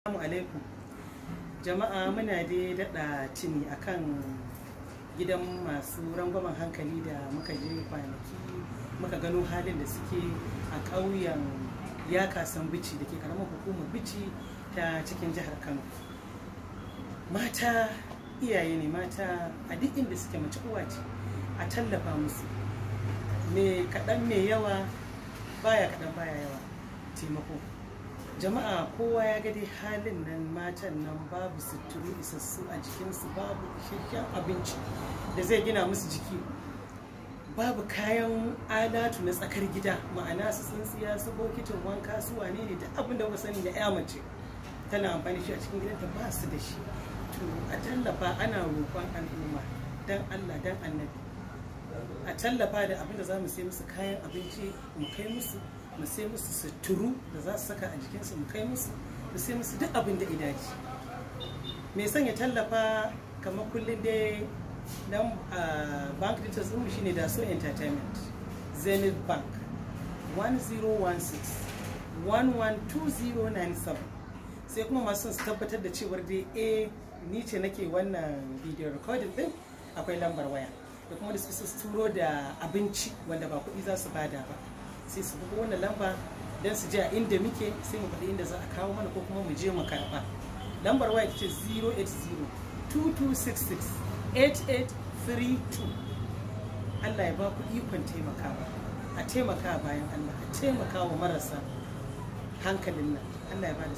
Assalamu alaikum jama'a muna dai daɗa cini akan gidan masu rangwamen hankali da muka je kwanaki muka gano halin da suke a ƙauyen yakasan bici da ke karamar hukumar bici ta cikin jihar kano mata iyaye ne mata a duk inda suke mace uwa ce a tallafa musu me kaɗan me yawa baya kaɗan baya yawa taimako jama'a kowa ya ga dai halin nan matan nan babu suturu isassu a jikinsu babu isasshen abinci da zai gina musu jiki babu kayan alatu na tsakar gida ma'ana su tsintsiya su bokitin wanka su wane ne da abin da wasu sani da ya mace tana amfani shi a cikin gidanta ba su da shi to a tallafa ana roƙon al'umma dan Allah dan annabi a tallafa da abinda za mu sai musu kayan abinci mu kai musu mu sai musu suturu da za su saka a jikinsu mu kai musu mu sai musu duk abin da idaci mai sanya tallafa kamar kullum dai don bank details shi shine da so entertainment zenith bank 1016-112097 sai kuma masu su tabbatar da cewar dai a eh, ni ce nake wannan video recording din akwai lambar waya da kuma da su turo da abinci wanda ba kuɗi za su bada ba sai su buga wannan lamba don su je a inda muke sai mu faɗi inda za a kawo mana ko kuma mu je mu karɓa lambar waya ce 080-2266-8832 Allah ya ba ku ikon taimakawa a taimaka bayan Allah a taimaka wa marasa hankalin nan Allah ya ba da